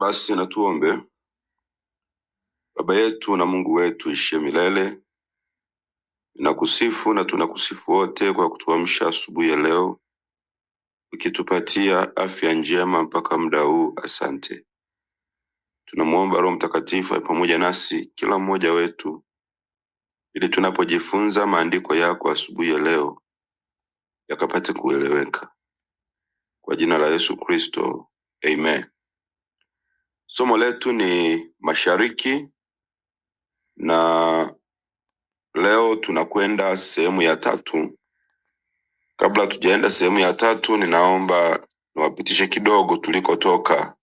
Basi na tuombe. Baba yetu na Mungu wetu ishie milele, nakusifu na tunakusifu wote kwa kutuamsha asubuhi ya leo, ukitupatia afya njema mpaka muda huu. Asante. Tunamwomba Roho Mtakatifu awe pamoja nasi kila mmoja wetu, ili tunapojifunza maandiko yako asubuhi ya leo yakapate kueleweka. Kwa jina la Yesu Kristo, amen. Somo letu ni mashariki na leo tunakwenda sehemu ya tatu. Kabla tujaenda sehemu ya tatu, ninaomba niwapitishe kidogo tulikotoka.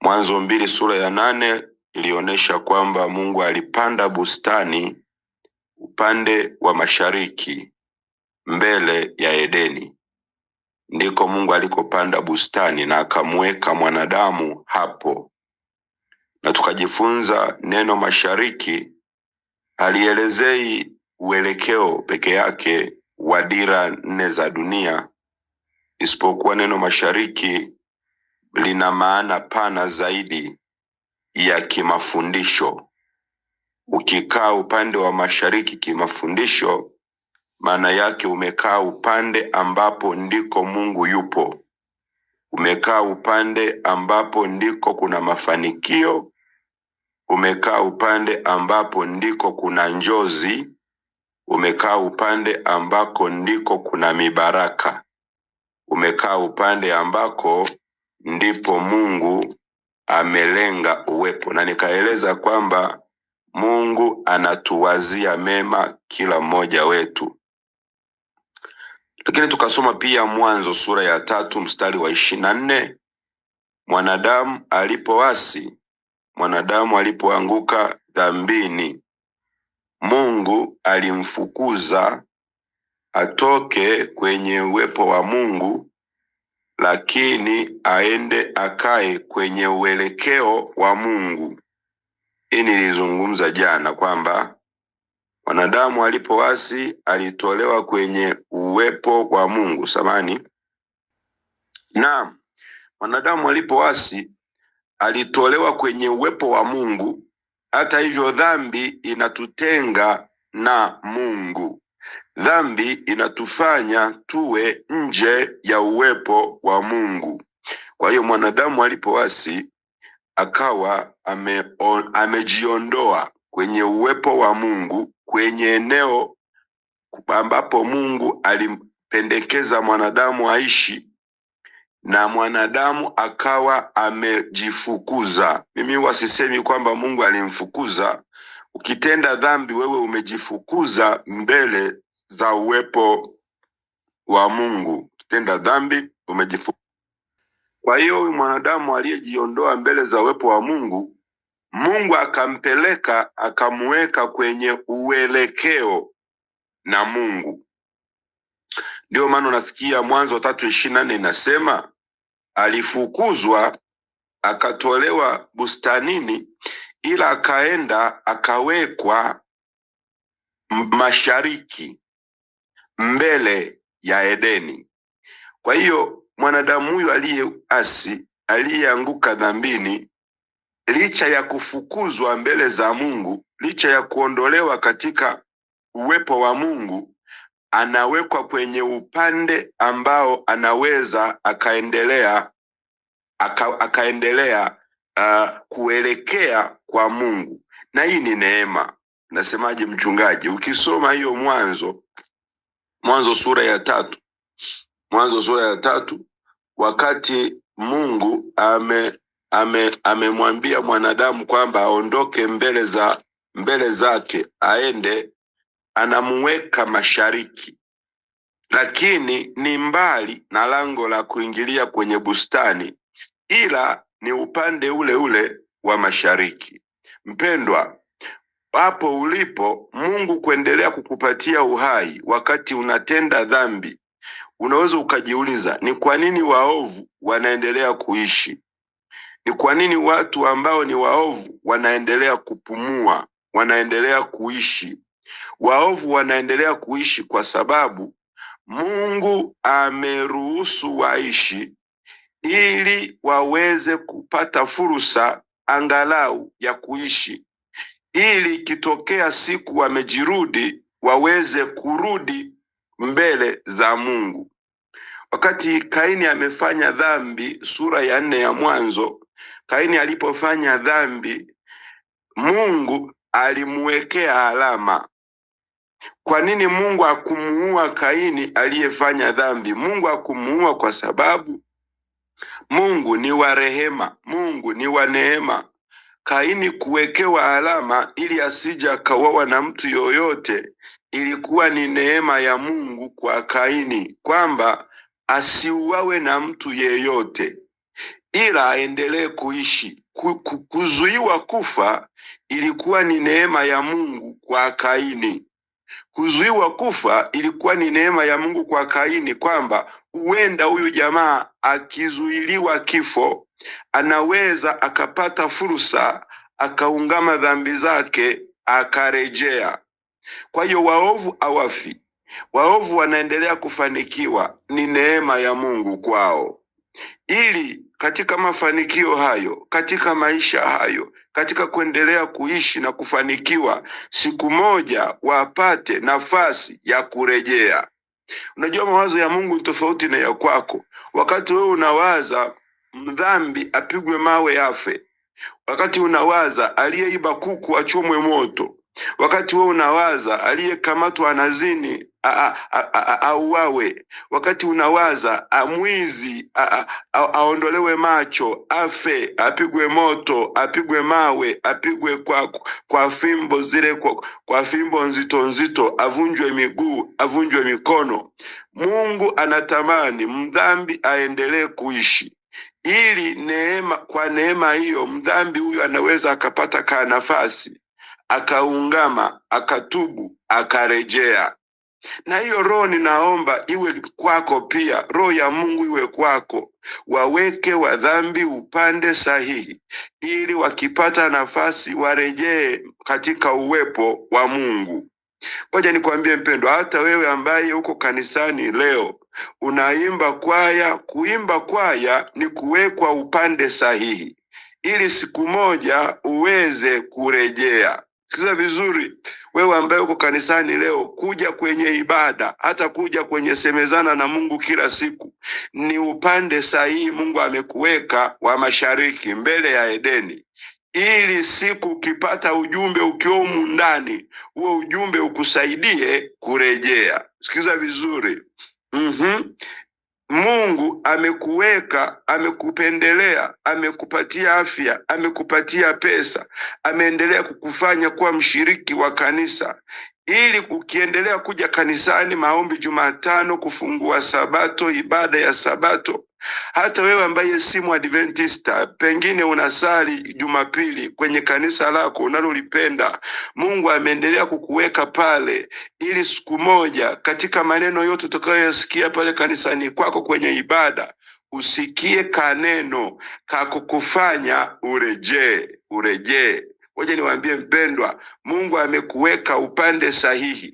Mwanzo mbili sura ya nane ilionyesha kwamba Mungu alipanda bustani upande wa mashariki mbele ya Edeni ndiko Mungu alikopanda bustani na akamweka mwanadamu hapo, na tukajifunza neno mashariki halielezei uelekeo peke yake wa dira nne za dunia, isipokuwa neno mashariki lina maana pana zaidi ya kimafundisho. Ukikaa upande wa mashariki kimafundisho maana yake umekaa upande ambapo ndiko Mungu yupo. Umekaa upande ambapo ndiko kuna mafanikio. Umekaa upande ambapo ndiko kuna njozi. Umekaa upande ambako ndiko kuna mibaraka. Umekaa upande ambako ndipo Mungu amelenga uwepo, na nikaeleza kwamba Mungu anatuwazia mema kila mmoja wetu. Lakini tukasoma pia Mwanzo sura ya tatu mstari wa ishirini na nne mwanadamu alipowasi, mwanadamu alipoanguka dhambini, Mungu alimfukuza atoke kwenye uwepo wa Mungu, lakini aende akae kwenye uelekeo wa Mungu. Hii nilizungumza jana kwamba Wanadamu alipowasi alitolewa kwenye uwepo wa Mungu. Samani, naam, wanadamu alipowasi alitolewa kwenye uwepo wa Mungu. Hata hivyo, dhambi inatutenga na Mungu. Dhambi inatufanya tuwe nje ya uwepo wa Mungu. Kwa hiyo mwanadamu alipowasi akawa ame, amejiondoa kwenye uwepo wa Mungu kwenye eneo ambapo Mungu alimpendekeza mwanadamu aishi na mwanadamu akawa amejifukuza. Mimi huwa sisemi kwamba Mungu alimfukuza. Ukitenda dhambi, wewe umejifukuza mbele za uwepo wa Mungu. Ukitenda dhambi umejifukuza. Kwa hiyo huyu mwanadamu aliyejiondoa mbele za uwepo wa Mungu Mungu akampeleka akamweka kwenye uelekeo na Mungu. Ndiyo maana unasikia Mwanzo tatu ishirini na nne inasema alifukuzwa akatolewa bustanini, ila akaenda akawekwa mashariki mbele ya Edeni. Kwa hiyo mwanadamu huyu aliyeasi, aliyeanguka dhambini, licha ya kufukuzwa mbele za Mungu, licha ya kuondolewa katika uwepo wa Mungu, anawekwa kwenye upande ambao anaweza akaendelea aka, akaendelea uh, kuelekea kwa Mungu, na hii ni neema. Nasemaje mchungaji? Ukisoma hiyo Mwanzo, Mwanzo sura ya tatu, Mwanzo sura ya tatu, wakati Mungu ame ame, amemwambia mwanadamu kwamba aondoke mbele za mbele zake aende, anamuweka mashariki, lakini ni mbali na lango la kuingilia kwenye bustani, ila ni upande ule ule wa mashariki. Mpendwa, hapo ulipo, Mungu kuendelea kukupatia uhai wakati unatenda dhambi. Unaweza ukajiuliza ni kwa nini waovu wanaendelea kuishi? Ni kwa nini watu ambao ni waovu wanaendelea kupumua, wanaendelea kuishi? Waovu wanaendelea kuishi kwa sababu Mungu ameruhusu waishi ili waweze kupata fursa angalau ya kuishi, ili ikitokea siku wamejirudi, waweze kurudi mbele za Mungu. Wakati Kaini amefanya dhambi, sura ya nne ya Mwanzo, Kaini alipofanya dhambi, Mungu alimuwekea alama. Kwa nini Mungu akumuua Kaini aliyefanya dhambi? Mungu akumuua kwa sababu Mungu ni wa rehema, Mungu ni wa neema. Kaini kuwekewa alama ili asija kawawa na mtu yoyote, ilikuwa ni neema ya Mungu kwa Kaini kwamba asiuawe na mtu yeyote ila aendelee kuishi. Kuzuiwa kufa ilikuwa ni neema ya Mungu kwa Kaini. Kuzuiwa kufa ilikuwa ni neema ya Mungu kwa Kaini, kwamba huenda huyu jamaa akizuiliwa kifo anaweza akapata fursa akaungama dhambi zake akarejea. Kwa hiyo waovu hawafi, waovu wanaendelea kufanikiwa, ni neema ya Mungu kwao. Ili katika mafanikio hayo, katika maisha hayo, katika kuendelea kuishi na kufanikiwa, siku moja wapate nafasi ya kurejea. Unajua, mawazo ya Mungu ni tofauti na ya kwako. Wakati wewe unawaza mdhambi apigwe mawe afe, wakati unawaza aliyeiba kuku achomwe moto, wakati wewe unawaza aliyekamatwa anazini auawe, wakati unawaza amwizi aondolewe macho, afe, apigwe moto, apigwe mawe, apigwe kwa, kwa fimbo zile kwa, kwa fimbo nzito nzito, avunjwe miguu, avunjwe mikono. Mungu anatamani mdhambi aendelee kuishi ili neema, kwa neema hiyo mdhambi huyo anaweza akapata kaa nafasi, akaungama, akatubu, akarejea na hiyo roho ninaomba iwe kwako pia, roho ya Mungu iwe kwako. Waweke wa dhambi upande sahihi, ili wakipata nafasi warejee katika uwepo wa Mungu. Ngoja nikwambie mpendwa, hata wewe ambaye uko kanisani leo unaimba kwaya, kuimba kwaya ni kuwekwa upande sahihi, ili siku moja uweze kurejea. Sikiza vizuri, wewe ambaye uko kanisani leo, kuja kwenye ibada, hata kuja kwenye semezana na Mungu kila siku, ni upande sahihi Mungu amekuweka wa mashariki, mbele ya Edeni, ili siku ukipata ujumbe ukiwa humu ndani, huo ujumbe ukusaidie kurejea. Sikiza vizuri. Mm -hmm. Mungu amekuweka, amekupendelea, amekupatia afya, amekupatia pesa, ameendelea kukufanya kuwa mshiriki wa kanisa ili ukiendelea kuja kanisani, maombi Jumatano, kufungua Sabato, ibada ya Sabato, hata wewe ambaye si Mwadventista, pengine unasali Jumapili kwenye kanisa lako unalolipenda, Mungu ameendelea kukuweka pale, ili siku moja katika maneno yote utakayoyasikia pale kanisani kwako kwenye ibada usikie kaneno kakukufanya urejee, urejee. Ngoja niwaambie mpendwa, Mungu amekuweka upande sahihi.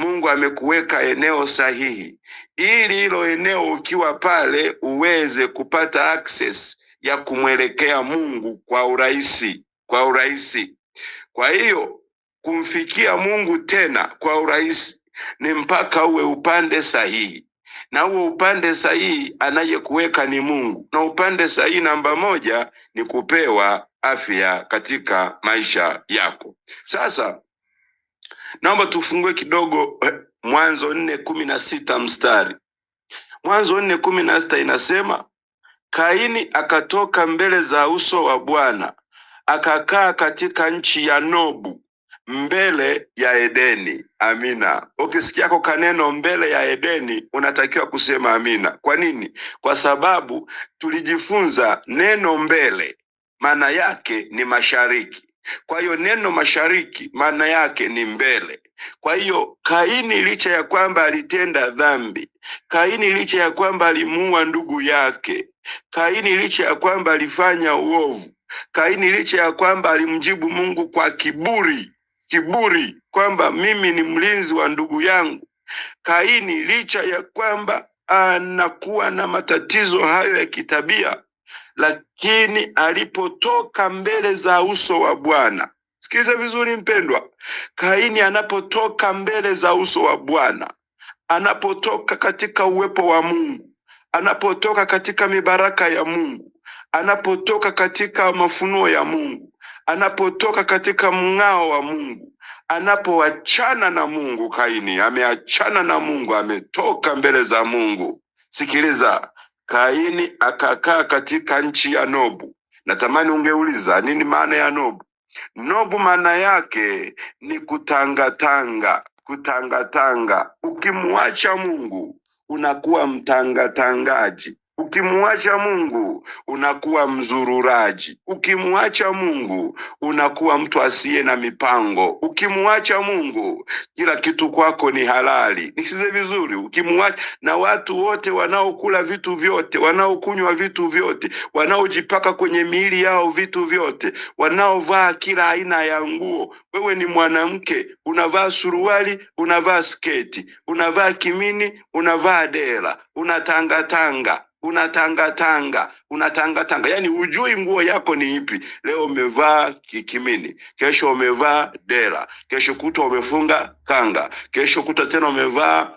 Mungu amekuweka eneo sahihi, ili hilo eneo ukiwa pale uweze kupata access ya kumwelekea Mungu kwa urahisi, kwa urahisi. Kwa hiyo kumfikia Mungu tena kwa urahisi ni mpaka uwe upande sahihi na huo upande sahihi anayekuweka ni Mungu, na upande sahihi namba moja ni kupewa afya katika maisha yako. Sasa naomba tufungue kidogo eh, Mwanzo nne kumi na sita mstari Mwanzo nne kumi na sita inasema Kaini akatoka mbele za uso wa Bwana akakaa katika nchi ya Nobu mbele ya Edeni. Amina. ukisikia ko kaneno mbele ya Edeni, unatakiwa kusema amina. Kwa nini? Kwa sababu tulijifunza neno mbele maana yake ni mashariki. Kwa hiyo neno mashariki maana yake ni mbele. Kwa hiyo Kaini licha ya kwamba alitenda dhambi, Kaini licha ya kwamba alimuua ndugu yake, Kaini licha ya kwamba alifanya uovu, Kaini licha ya kwamba alimjibu Mungu kwa kiburi, kiburi kwamba mimi ni mlinzi wa ndugu yangu. Kaini licha ya kwamba anakuwa na matatizo hayo ya kitabia, lakini alipotoka mbele za uso wa Bwana, sikiliza vizuri mpendwa, Kaini anapotoka mbele za uso wa Bwana, anapotoka katika uwepo wa Mungu, anapotoka katika mibaraka ya Mungu, anapotoka katika mafunuo ya Mungu anapotoka katika mng'ao wa Mungu, anapoachana na Mungu. Kaini ameachana na Mungu, ametoka mbele za Mungu. Sikiliza, Kaini akakaa katika nchi ya Nobu. Natamani ungeuliza nini maana ya Nobu? Nobu maana yake ni kutangatanga, kutangatanga. Ukimwacha Mungu unakuwa mtangatangaji, Ukimwacha Mungu unakuwa mzururaji. Ukimwacha Mungu unakuwa mtu asiye na mipango. Ukimwacha Mungu kila kitu kwako ni halali. Nisize vizuri, ukimwacha na watu wote wanaokula vitu vyote, wanaokunywa vitu vyote, wanaojipaka kwenye miili yao vitu vyote, wanaovaa kila aina ya nguo. Wewe ni mwanamke, unavaa suruali, unavaa sketi, unavaa kimini, unavaa dera, unatangatanga unatangatanga unatangatanga, yani hujui nguo yako ni ipi. Leo umevaa kikimini, kesho umevaa dera, kesho kutwa umefunga kanga, kesho kutwa tena umevaa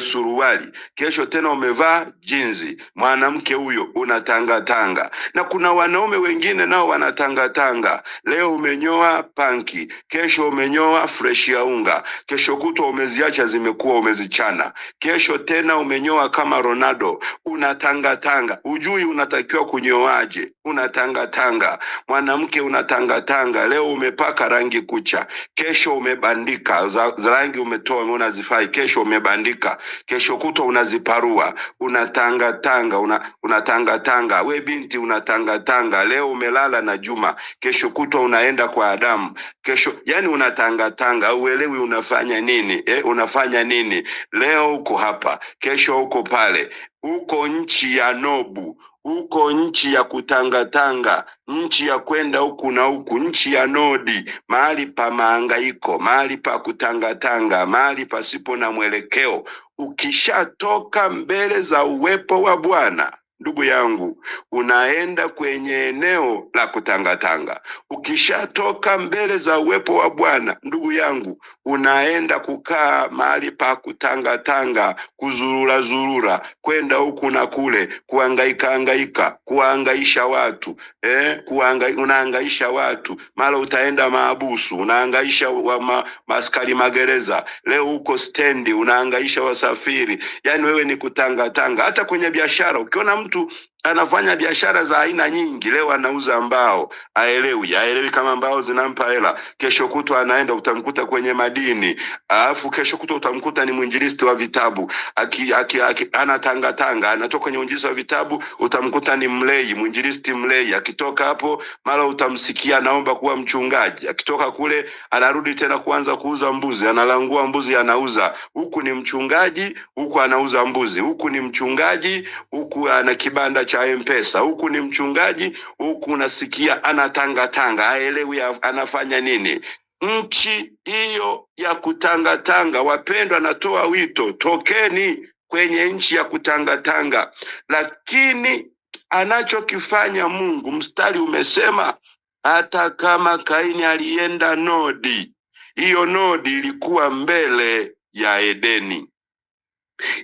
suruali, kesho tena umevaa jinzi. Mwanamke huyo unatangatanga, na kuna wanaume wengine nao wanatangatanga. Leo umenyoa panki, kesho umenyoa fresh ya unga, kesho kutwa umeziacha zimekuwa umezichana, kesho tena umenyoa kama Ronaldo. Unatangatanga, ujui unatakiwa kunyoaje, unatangatanga. Mwanamke unatangatanga, leo umepaka rangi kucha, kesho umebandika za, za rangi umetoa umeona zifai, kesho umebandika unazunguka, kesho kutwa unaziparua, unatangatanga, una, We binti unatangatanga, leo umelala na Juma, kesho kutwa unaenda kwa Adamu, kesho yani unatangatanga, uelewi unafanya nini eh, unafanya nini? Leo uko hapa, kesho uko pale, uko nchi ya Nobu huko nchi ya kutangatanga, nchi ya kwenda huku na huku, nchi ya nodi, mahali pa maangaiko mahali pa kutangatanga, mahali pasipo na mwelekeo. Ukishatoka mbele za uwepo wa Bwana Ndugu yangu, unaenda kwenye eneo la kutangatanga. Ukishatoka mbele za uwepo wa Bwana, ndugu yangu, unaenda kukaa mahali pa kutangatanga, kuzurura zurura, kwenda huku na kule, kuangaika angaika, kuangaisha watu eh, kuanga, unaangaisha watu, mara utaenda maabusu, unaangaisha wa ma, maskari magereza, leo huko stendi unaangaisha wasafiri. Yani wewe ni kutangatanga. Hata kwenye biashara ukiona tout. anafanya biashara za aina nyingi. Leo anauza mbao, aelewi aelewi kama mbao zinampa hela. Kesho kutwa anaenda utamkuta kwenye madini, alafu kesho kutwa utamkuta ni mwinjilisti wa vitabu aki, aki, aki, anatanga tanga, anatoka kwenye uinjilisti wa vitabu, utamkuta ni mlei, mwinjilisti mlei. Akitoka hapo, mara utamsikia anaomba kuwa mchungaji, akitoka kule anarudi tena kuanza kuuza mbuzi, analangua mbuzi anauza. Huku ni mchungaji, huku anauza mbuzi, huku ni mchungaji, huku ana kibanda cha Mpesa, huku ni mchungaji, huku unasikia anatangatanga, haelewi anafanya nini. Nchi hiyo ya kutangatanga, wapendwa, anatoa wito, tokeni kwenye nchi ya kutangatanga. Lakini anachokifanya Mungu, mstari umesema hata kama Kaini alienda Nodi, hiyo Nodi ilikuwa mbele ya Edeni,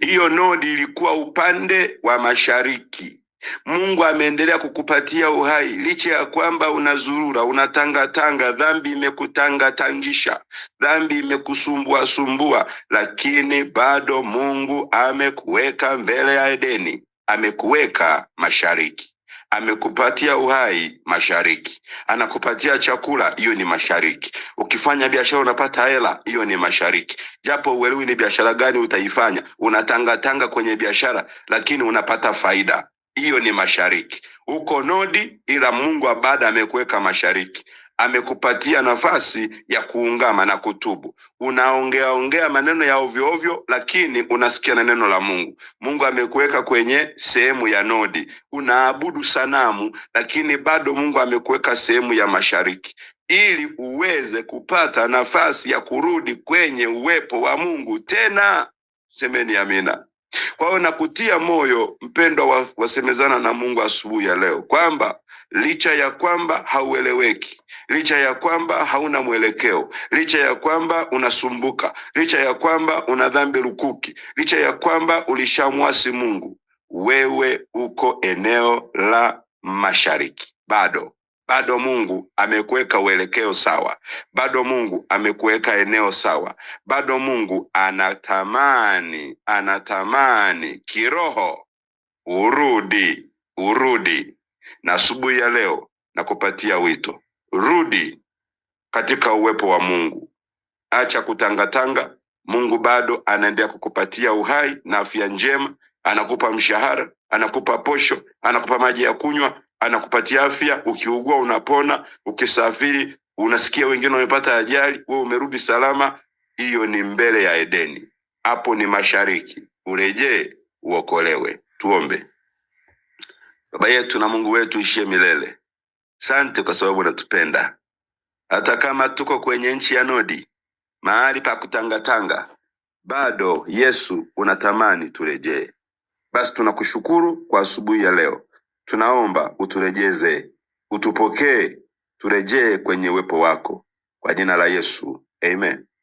hiyo Nodi ilikuwa upande wa mashariki. Mungu ameendelea kukupatia uhai licha ya kwamba unazurura, unatangatanga, dhambi imekutangatangisha, dhambi imekusumbua sumbua, lakini bado Mungu amekuweka mbele ya Edeni, amekuweka mashariki amekupatia uhai mashariki, anakupatia chakula, hiyo ni mashariki. Ukifanya biashara unapata hela, hiyo ni mashariki. Japo uelewi ni biashara gani utaifanya, unatangatanga kwenye biashara, lakini unapata faida hiyo ni mashariki. Uko nodi, ila Mungu baada amekuweka mashariki, amekupatia nafasi ya kuungama na kutubu. Unaongea ongea maneno ya ovyo ovyo, lakini unasikia na neno la Mungu. Mungu amekuweka kwenye sehemu ya nodi, unaabudu sanamu, lakini bado Mungu amekuweka sehemu ya mashariki ili uweze kupata nafasi ya kurudi kwenye uwepo wa Mungu tena. Semeni amina. Kwa hiyo nakutia moyo mpendwa, wasemezana na Mungu asubuhi ya leo kwamba licha ya kwamba haueleweki, licha ya kwamba hauna mwelekeo, licha ya kwamba unasumbuka, licha ya kwamba una dhambi lukuki, licha ya kwamba ulishamwasi Mungu, wewe uko eneo la mashariki bado bado Mungu amekuweka uelekeo sawa, bado Mungu amekuweka eneo sawa, bado Mungu anatamani anatamani kiroho urudi, urudi. Na asubuhi ya leo nakupatia wito, rudi katika uwepo wa Mungu, acha kutangatanga. Mungu bado anaendelea kukupatia uhai na afya njema, anakupa mshahara, anakupa posho, anakupa maji ya kunywa anakupatia afya. Ukiugua unapona, ukisafiri unasikia wengine wamepata ajali, wewe umerudi salama. Hiyo ni mbele ya Edeni, hapo ni mashariki. Urejee uokolewe. Tuombe. Baba yetu na Mungu wetu ishie milele, sante kwa sababu unatupenda hata kama tuko kwenye nchi ya Nodi, mahali pa kutangatanga, bado Yesu unatamani turejee. Basi tunakushukuru kwa asubuhi ya leo tunaomba uturejeze, utupokee, turejee kwenye uwepo wako, kwa jina la Yesu, amen.